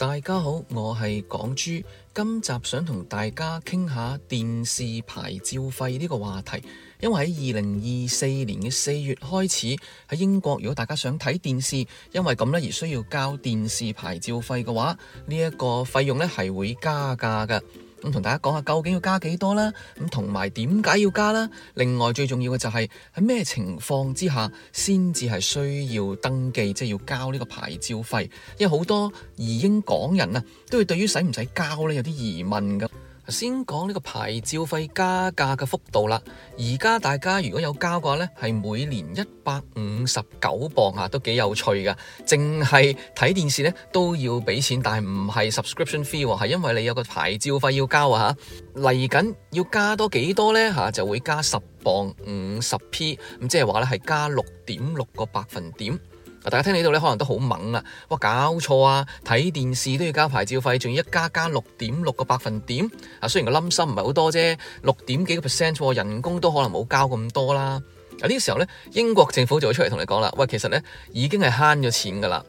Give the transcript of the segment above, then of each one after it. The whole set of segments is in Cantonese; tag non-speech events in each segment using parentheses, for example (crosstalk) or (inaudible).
大家好，我係港豬。今集想同大家傾下電視牌照費呢個話題，因為喺二零二四年嘅四月開始，喺英國如果大家想睇電視，因為咁咧而需要交電視牌照費嘅話，呢一個費用咧係會加價㗎。咁同、嗯、大家講下究竟要加幾多啦？咁同埋點解要加啦？另外最重要嘅就係喺咩情況之下先至係需要登記，即係要交呢個牌照費，因為好多移英港人啊，都會對於使唔使交呢有啲疑問㗎。先講呢個牌照費加價嘅幅度啦，而家大家如果有交嘅話呢，係每年一百五十九磅啊，都幾有趣噶。淨係睇電視呢，都要俾錢，但係唔係 subscription fee，係因為你有個牌照費要交啊吓。嚟緊要加多幾多呢？吓，就會加十磅五十 p，咁即係話呢，係加六點六個百分點。大家聽喺度咧，可能都好猛啦！哇，搞錯啊！睇電視都要交牌照費，仲要一加加六點六個百分點。啊，雖然個冧心唔係好多啫，六點幾個 percent 喎，人工都可能冇交咁多啦。啊，呢個時候咧，英國政府就會出嚟同你講啦，喂，其實咧已經係慳咗錢噶啦。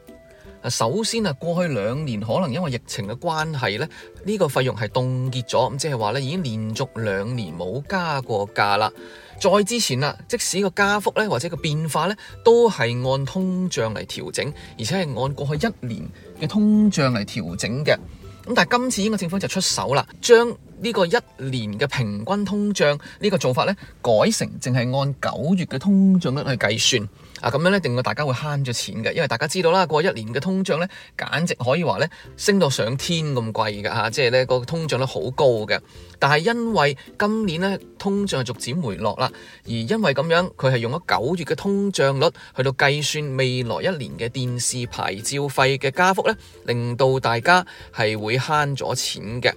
首先啊，過去兩年可能因為疫情嘅關係咧，呢、呢個費用係凍結咗，咁即係話咧已經連續兩年冇加過價啦。再之前啦，即使個加幅咧或者個變化咧，都係按通脹嚟調整，而且係按過去一年嘅通脹嚟調整嘅。咁但係今次英國政府就出手啦，將呢個一年嘅平均通脹，呢個做法呢，改成淨係按九月嘅通脹率去計算啊！咁樣咧，令到大家會慳咗錢嘅，因為大家知道啦，過、那個、一年嘅通脹呢，簡直可以話呢，升到上天咁貴㗎吓，即係呢個通脹率好高嘅。但係因為今年呢，通脹係逐漸回落啦，而因為咁樣，佢係用咗九月嘅通脹率去到計算未來一年嘅電視牌照費嘅加幅呢，令到大家係會慳咗錢嘅。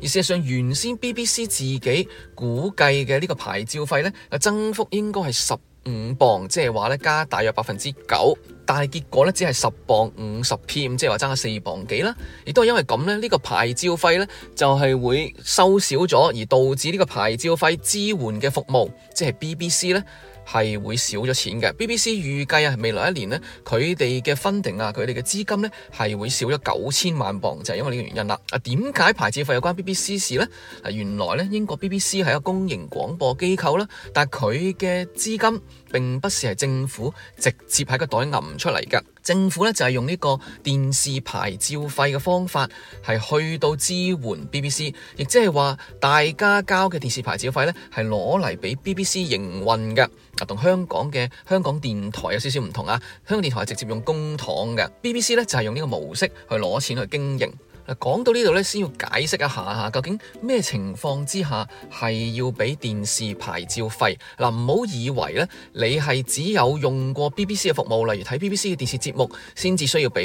而事實上，原先 BBC 自己估計嘅呢個牌照費呢，增幅應該係十五磅，即係話呢加大約百分之九，但係結果呢，只係十磅五十 p，咁即係話爭咗四磅幾啦。亦都係因為咁咧，呢、這個牌照費呢，就係會收少咗，而導致呢個牌照費支援嘅服務，即係 BBC 呢。係會少咗錢嘅。B B C 預計啊，未來一年咧，佢哋嘅 funding 啊，佢哋嘅資金呢，係會少咗九千萬鎊，就係、是、因為呢個原因啦。啊，點解牌照費有關 B B C 事呢？啊，原來呢，英國 B B C 係一個公營廣播機構啦、啊，但係佢嘅資金。並不是係政府直接喺個袋揞出嚟噶，政府咧就係用呢個電視牌照費嘅方法係去到支援 BBC，亦即係話大家交嘅電視牌照費呢，係攞嚟俾 BBC 營運嘅，啊同香港嘅香港電台有少少唔同啊，香港電台係直接用公帑嘅，BBC 咧就係用呢個模式去攞錢去經營。嗱，講到呢度咧，先要解釋一下嚇，究竟咩情況之下係要俾電視牌照費？嗱、啊，唔好以為咧，你係只有用過 BBC 嘅服務，例如睇 BBC 嘅電視節目，先至需要俾。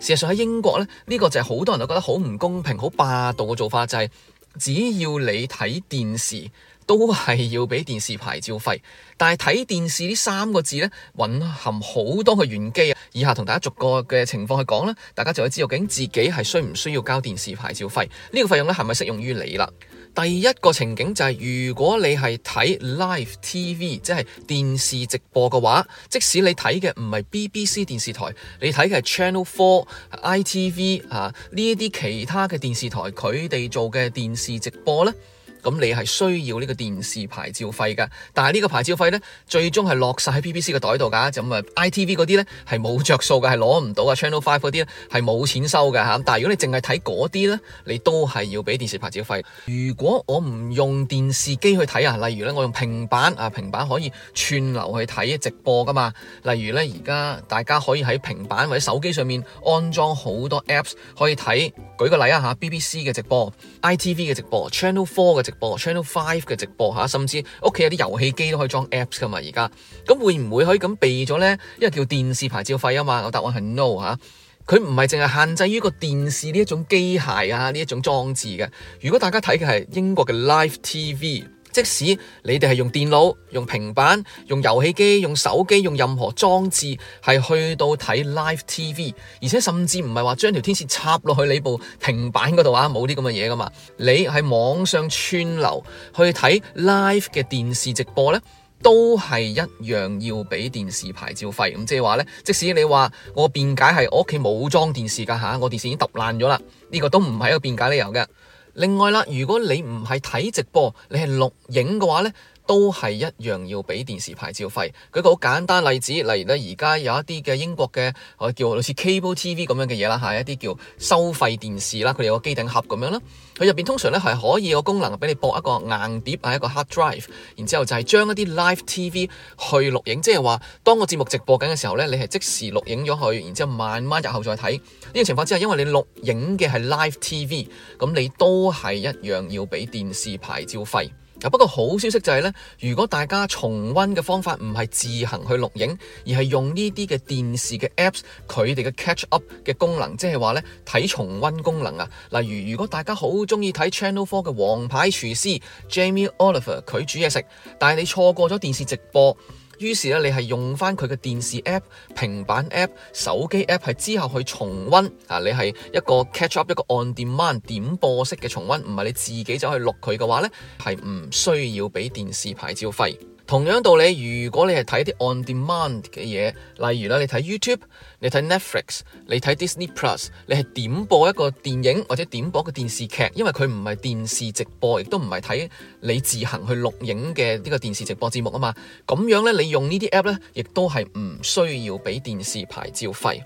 事實上喺英國咧，呢、這個就係好多人都覺得好唔公平、好霸道嘅做法，就係、是、只要你睇電視，都係要俾電視牌照費。但係睇電視呢三個字呢，蘊含好多嘅玄機啊！以下同大家逐個嘅情況去講啦，大家就可以知道究竟自己係需唔需要交電視牌照費、這個、呢個費用咧，係咪適用於你啦？第一個情景就係、是、如果你係睇 Live TV，即係電視直播嘅話，即使你睇嘅唔係 BBC 電視台，你睇嘅係 Channel Four IT、啊、ITV 啊呢一啲其他嘅電視台，佢哋做嘅電視直播呢。咁你係需要呢個電視牌照費噶，但係呢個牌照費咧，最終係落晒喺 BBC 嘅袋度㗎。咁啊，ITV 嗰啲咧係冇着數嘅，係攞唔到啊 Channel Five 啲咧係冇錢收嘅吓，但係如果你淨係睇嗰啲咧，你都係要俾電視牌照費，如果我唔用電視機去睇啊，例如咧我用平板啊，平板可以串流去睇直播㗎嘛。例如咧而家大家可以喺平板或者手機上面安裝好多 Apps 可以睇。舉個例啊吓 BBC 嘅直播、ITV 嘅直播、Channel Four 嘅直。播 channel five 嘅直播吓，甚至屋企有啲遊戲機都可以裝 apps 噶嘛，而家咁會唔會可以咁避咗咧？因為叫電視牌照費啊嘛，我答案係 no 吓、啊，佢唔係淨係限制於個電視呢一種機械啊呢一種裝置嘅。如果大家睇嘅係英國嘅 live TV。即使你哋係用電腦、用平板、用遊戲機、用手機、用任何裝置，係去到睇 live TV，而且甚至唔係話將條天線插落去你部平板嗰度啊，冇啲咁嘅嘢㗎嘛，你喺網上串流去睇 live 嘅電視直播咧，都係一樣要畀電視牌照費。咁即係話咧，即使你話我辯解係我屋企冇裝電視㗎嚇，我電視已經揼爛咗啦，呢個都唔係一個辯解理由嘅。另外啦，如果你唔係睇直播，你係錄影嘅話咧，都係一樣要俾電視牌照費。舉個好簡單例子，例如呢，而家有一啲嘅英國嘅，我叫好似 Cable TV 咁樣嘅嘢啦，係一啲叫收費電視啦，佢哋有個機頂盒咁樣啦。佢入邊通常呢係可以有個功能俾你播一個硬碟啊，一個 Hard Drive，然之後就係將一啲 Live TV 去錄影，即係話當個節目直播緊嘅時候呢，你係即時錄影咗佢，然之後慢慢日後再睇。呢種情況之下，因為你錄影嘅係 Live TV，咁你都係一樣要俾電視牌照費。不過好消息就係呢，如果大家重温嘅方法唔係自行去錄影，而係用呢啲嘅電視嘅 Apps，佢哋嘅 Catch Up 嘅功能，即係話呢睇重温功能啊。例如，如果大家好中意睇 Channel Four 嘅王牌廚師 Jamie Oliver 佢煮嘢食，但係你錯過咗電視直播。於是你係用翻佢嘅電視 App、平板 App、手機 App，係之後去重温啊！你係一個 catch up、一個 on demand 點播式嘅重温，唔係你自己走去錄佢嘅話呢，係唔需要俾電視牌照費。同樣道理，如果你係睇啲 on demand 嘅嘢，例如啦，你睇 YouTube，你睇 Netflix，你睇 Disney Plus，你係點播一個電影或者點播個電視劇，因為佢唔係電視直播，亦都唔係睇你自行去錄影嘅呢個電視直播節目啊嘛，咁樣呢，你用呢啲 app 呢，亦都係唔需要俾電視牌照費。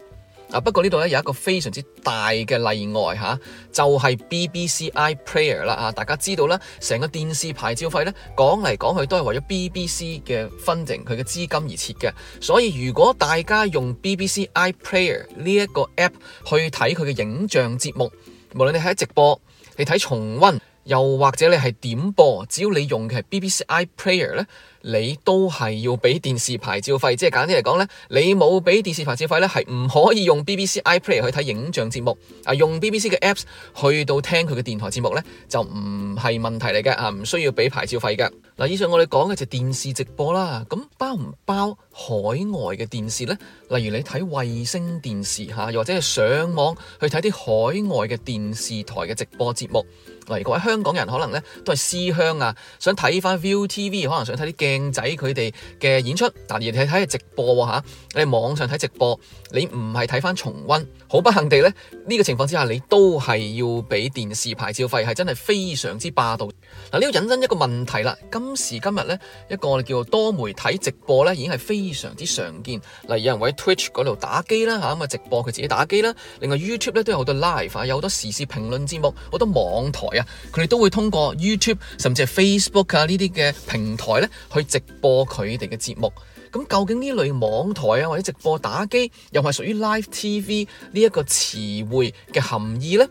啊！不過呢度咧有一個非常之大嘅例外嚇、啊，就係、是、BBC iPlayer 啦啊！大家知道咧，成個電視牌照費咧講嚟講去都係為咗 BBC 嘅 funding 佢嘅資金而設嘅，所以如果大家用 BBC iPlayer 呢一個 app 去睇佢嘅影像節目，無論你係睇直播、你睇重溫，又或者你係點播，只要你用嘅係 BBC iPlayer 咧。你都係要俾電視牌照費，即係簡單嚟講呢，你冇俾電視牌照費呢，係唔可以用 BBC iPlayer 去睇影像節目啊，用 BBC 嘅 Apps 去到聽佢嘅電台節目呢就唔係問題嚟嘅啊，唔需要俾牌照費嘅。嗱、啊，以上我哋講嘅就電視直播啦，咁包唔包海外嘅電視呢？例如你睇衛星電視吓，又、啊、或者係上網去睇啲海外嘅電視台嘅直播節目。例、啊、如各位香港人可能呢都係思鄉啊，想睇返 View TV，可能想睇啲鏡。靚仔佢哋嘅演出，嗱而係睇係直播吓、啊，你網上睇直播，你唔係睇翻重温，好不幸地咧呢、個情況之下，你都係要俾電視牌照費，係真係非常之霸道。嗱、啊，呢、個引申一個問題啦，今時今日咧一個叫做多媒體直播咧，已經係非常之常見。嗱、啊，有人喺 Twitch 度打機啦吓，咁啊直播佢自己打機啦，另外 YouTube 咧都有好多 live，啊，有好多時事評論節目，好多網台啊，佢哋都會通過 YouTube 甚至係 Facebook 啊呢啲嘅平台咧去。直播佢哋嘅節目，咁究竟呢類網台啊，或者直播打機，又係屬於 Live TV 呢一個詞彙嘅含義呢？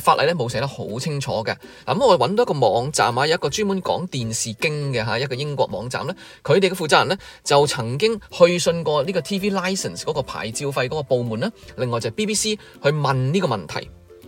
法例咧冇寫得好清楚嘅，咁我哋揾到一個網站啊，有一個專門講電視經嘅吓，一個英國網站呢，佢哋嘅負責人呢，就曾經去信過呢個 TV Licence 嗰個牌照費嗰個部門啦，另外就係 BBC 去問呢個問題。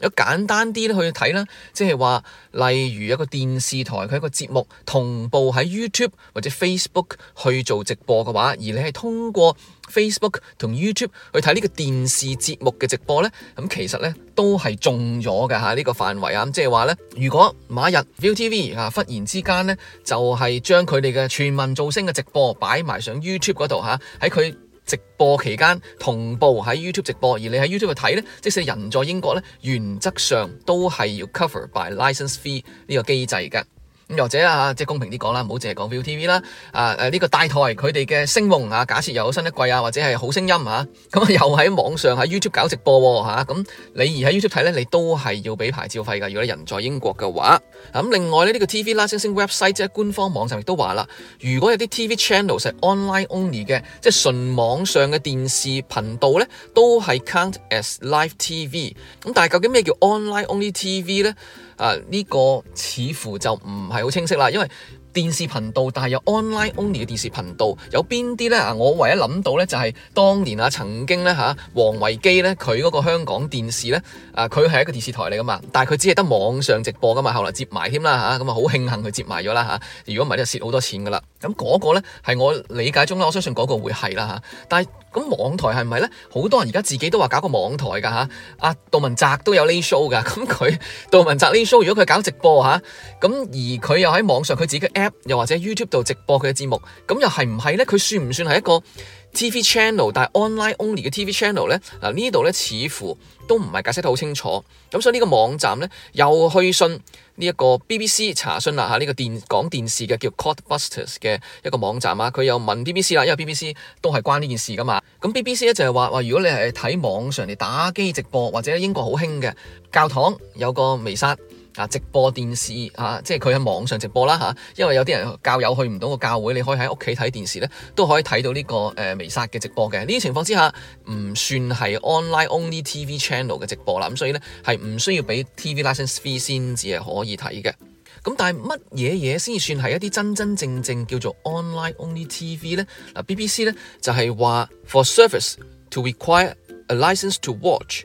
有簡單啲去睇啦，即係話例如一個電視台佢一個節目同步喺 YouTube 或者 Facebook 去做直播嘅話，而你係通過 Facebook 同 YouTube 去睇呢個電視節目嘅直播咧，咁其實咧都係中咗嘅嚇呢個範圍啊，即係話咧，如果某一日 ViuTV 啊忽然之間咧就係將佢哋嘅全民造星嘅直播擺埋上 YouTube 嗰度嚇喺佢。直播期間同步喺 YouTube 直播，而你喺 YouTube 度睇咧，即使人在英國呢，原則上都係要 cover by licence fee 呢個機制嘅。咁或者 TV，啊，即係公平啲講啦，唔好淨係講 Viu TV 啦，啊誒呢個大台佢哋嘅聲夢啊，假設又有新一季啊，或者係好聲音啊，咁又喺網上喺 YouTube 搞直播喎咁、啊啊、你而喺 YouTube 睇咧，你都係要俾牌照費㗎。如果你人在英國嘅話，咁、啊、另外咧呢、呢個 TV 啦、星星 website 即係官方網上亦都話啦，如果有啲 TV channel 係 online only 嘅，即係純網上嘅電視頻道咧，都係 count as live TV。咁但係究竟咩叫 online only TV 咧？啊！呢個似乎就唔係好清晰啦，因為電視頻道，但係有 online only 嘅電視頻道有邊啲咧？啊，我唯一諗到咧就係、是、當年啊，曾經咧嚇王維基咧佢嗰個香港電視咧啊，佢係一個電視台嚟噶嘛，但係佢只係得網上直播噶嘛，後嚟接埋添啦嚇，咁啊好、啊啊、慶幸佢接埋咗啦嚇。如果唔係，都蝕好多錢噶啦。咁、那、嗰個咧係我理解中啦，我相信嗰個會係啦嚇，但係。咁網台係唔係咧？好多人而家自己都話搞個網台噶吓，阿、啊、杜汶澤都有呢 show 噶。咁佢杜汶澤呢 show，如果佢搞直播吓，咁、啊、而佢又喺網上佢自己嘅 app 又或者 YouTube 度直播佢嘅節目，咁又係唔係咧？佢算唔算係一個 TV channel？但係 online only 嘅 TV channel 咧？嗱、啊、呢度咧似乎都唔係解釋得好清楚。咁所以呢個網站咧又去信。呢一個 BBC 查詢啦嚇，呢、這個電講電視嘅叫 Cord Busters 嘅一個網站啊，佢有問 BBC 啦，因為 BBC 都係關呢件事㗎嘛。咁 BBC 咧就係話如果你係睇網上啲打機直播，或者英國好興嘅教堂有個彌撒。直播電視啊，即係佢喺網上直播啦嚇，因為有啲人教友去唔到個教會，你可以喺屋企睇電視咧，都可以睇到呢、這個誒彌撒嘅直播嘅。呢啲情況之下，唔算係 online-only TV channel 嘅直播啦。咁所以咧，係唔需要俾 TV licence fee 先至係可以睇嘅。咁但係乜嘢嘢先算係一啲真真正正叫做 online-only TV 咧？嗱，BBC 咧就係、是、話 for service to require a licence to watch。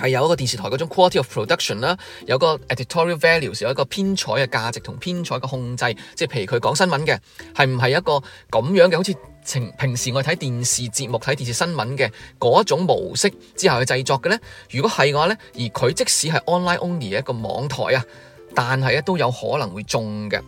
係有一個電視台嗰種 quality of production 啦，有個 editorial values，有一個編採嘅價值同編採嘅控制，即係譬如佢講新聞嘅，係唔係一個咁樣嘅，好似平時我哋睇電視節目睇電視新聞嘅嗰種模式之後去製作嘅咧？如果係嘅話咧，而佢即使係 online only 嘅一個網台啊，但係咧都有可能會中嘅。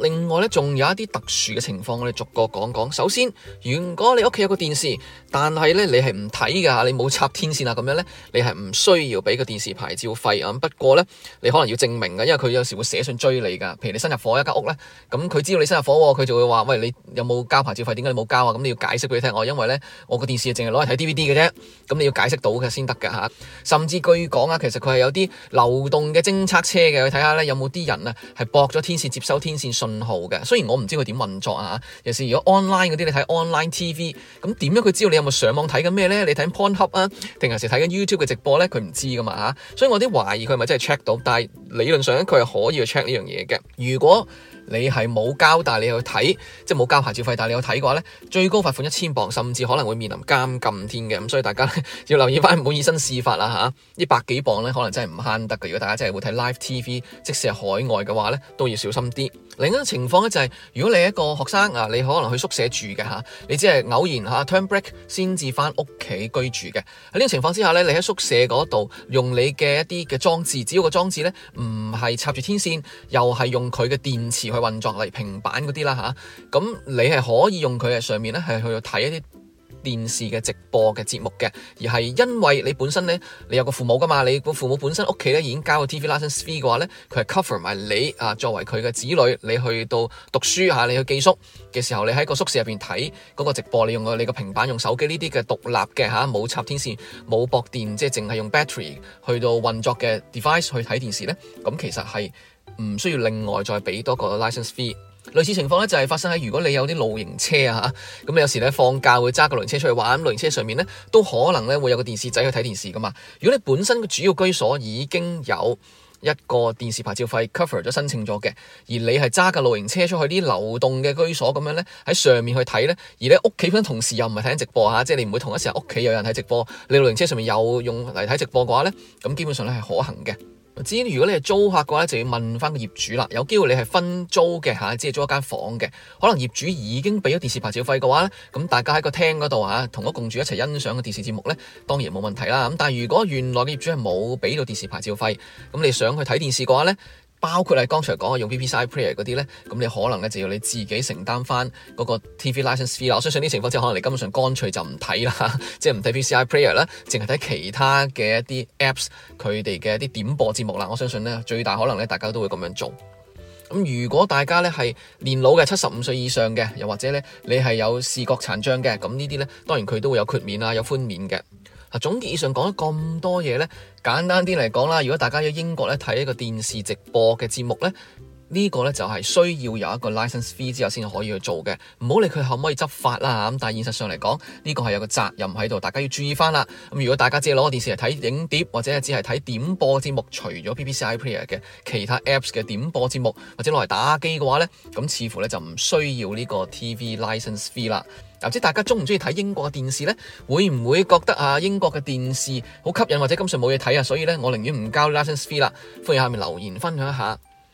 另外呢，仲有一啲特殊嘅情況，我哋逐個講講。首先，如果你屋企有個電視，但係呢，你係唔睇㗎，你冇插天線啊咁樣呢，你係唔需要俾個電視牌照費啊。不過呢，你可能要證明㗎，因為佢有時會寫信追你㗎。譬如你新入夥一間屋呢，咁佢知道你新入夥喎，佢就會話：喂，你有冇交牌照費？點解你冇交啊？咁你要解釋俾佢聽。我、哦、因為呢，我個電視淨係攞嚟睇 DVD 嘅啫，咁你要解釋到嘅先得㗎嚇。甚至據講啊，其實佢係有啲流動嘅偵測車嘅，去睇下呢，有冇啲人啊係駁咗天線接收天線。信號嘅，雖然我唔知佢點運作啊，有時如果 online 嗰啲，你睇 online TV，咁點樣佢知道你有冇上網睇緊咩咧？你睇 PornHub 啊，定係有時睇緊 YouTube 嘅直播咧，佢唔知噶嘛吓，所以我有啲懷疑佢係咪真係 check 到，但係。理論上咧，佢係可以去 check 呢樣嘢嘅。如果你係冇交，但你去睇，即係冇交牌照費，但你有睇嘅話咧，最高罰款一千鎊，甚至可能會面臨監禁添嘅。咁所以大家要留意翻，唔好以身試法啦嚇。呢百幾鎊咧，鎊可能真係唔慳得嘅。如果大家真係會睇 live TV，即使係海外嘅話咧，都要小心啲。另一種情況咧就係、是，如果你係一個學生啊，你可能去宿舍住嘅嚇，你只係偶然嚇、啊、turn break 先至翻屋企居住嘅。喺呢種情況之下咧，你喺宿舍嗰度用你嘅一啲嘅裝置，只要個裝置咧。唔係插住天線，又係用佢嘅電池去運作嚟平板嗰啲啦吓，咁、啊、你係可以用佢嘅上面咧係去睇一啲。電視嘅直播嘅節目嘅，而係因為你本身呢，你有個父母噶嘛，你個父母本身屋企呢已經交咗 TV license fee 嘅話呢，佢係 cover 埋你啊。作為佢嘅子女，你去到讀書嚇、啊，你去寄宿嘅時候，你喺個宿舍入邊睇嗰個直播，你用個你個平板、用手機呢啲嘅獨立嘅嚇，冇、啊、插天線、冇駁電，即係淨係用 battery 去到運作嘅 device 去睇電視呢。咁、嗯、其實係唔需要另外再俾多個 license fee。類似情況呢，就係發生喺如果你有啲露營車啊，咁有時呢放假會揸個露營車出去玩，露營車上面呢都可能呢會有個電視仔去睇電視㗎嘛。如果你本身嘅主要居所已經有一個電視牌照費 cover 咗申請咗嘅，而你係揸架露營車出去啲流動嘅居所咁樣呢，喺上面去睇呢。而你屋企嗰陣同時又唔係睇緊直播嚇，即係你唔會同一時間屋企有人睇直播，你露營車上面又用嚟睇直播嘅話呢，咁基本上呢係可行嘅。至於如果你係租客嘅話就要問翻個業主啦。有機會你係分租嘅嚇，只係租一間房嘅，可能業主已經畀咗電視牌照費嘅話咧，咁大家喺個廳嗰度嚇，同屋共住一齊欣賞嘅電視節目咧，當然冇問題啦。咁但係如果原來嘅業主係冇畀到電視牌照費，咁你想去睇電視嘅話咧？包括係剛才講嘅用 BBC iPlayer 嗰啲呢，咁你可能咧就要你自己承擔翻嗰個 TV licence fee 啦。我相信呢情況之下，可能你根本上乾脆就唔睇啦， (laughs) 即係唔睇 BBC iPlayer 啦，淨係睇其他嘅一啲 apps 佢哋嘅一啲點播節目啦。我相信呢，最大可能咧，大家都會咁樣做。咁如果大家咧係年老嘅七十五歲以上嘅，又或者咧你係有視覺殘障嘅，咁呢啲呢，當然佢都會有豁免啊，有寬免嘅。啊，總結以上講咗咁多嘢咧，簡單啲嚟講啦，如果大家喺英國咧睇一個電視直播嘅節目，呢個咧就係需要有一個 license fee 之後先可以去做嘅，唔好理佢可唔可以執法啦嚇。咁但係現實上嚟講，呢個係有個責任喺度，大家要注意翻啦。咁如果大家只係攞個電視嚟睇影碟，或者只係睇點播節目，除咗 BBC iPlayer 嘅其他 apps 嘅點播節目，或者攞嚟打機嘅話咧，咁似乎咧就唔需要呢個 TV license fee 啦。又唔知大家中唔中意睇英國嘅電視咧？會唔會覺得啊英國嘅電視好吸引，或者今上冇嘢睇啊？所以咧，我寧願唔交 license fee 啦。歡迎下面留言分享一下。